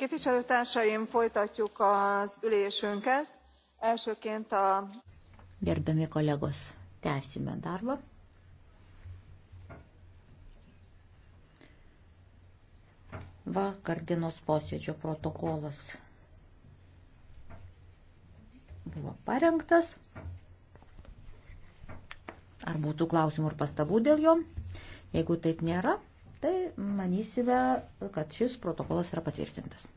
Képviselőtársaim, folytatjuk az ülésünket. Elsőként a... Gerbiami kolegos, tęsime darbą. Vakar dienos posėdžio protokolas buvo parengtas. Ar būtų klausimų ir pastabų dėl jo? Jeigu taip nėra, tai manysime, kad šis protokolas yra patvirtintas.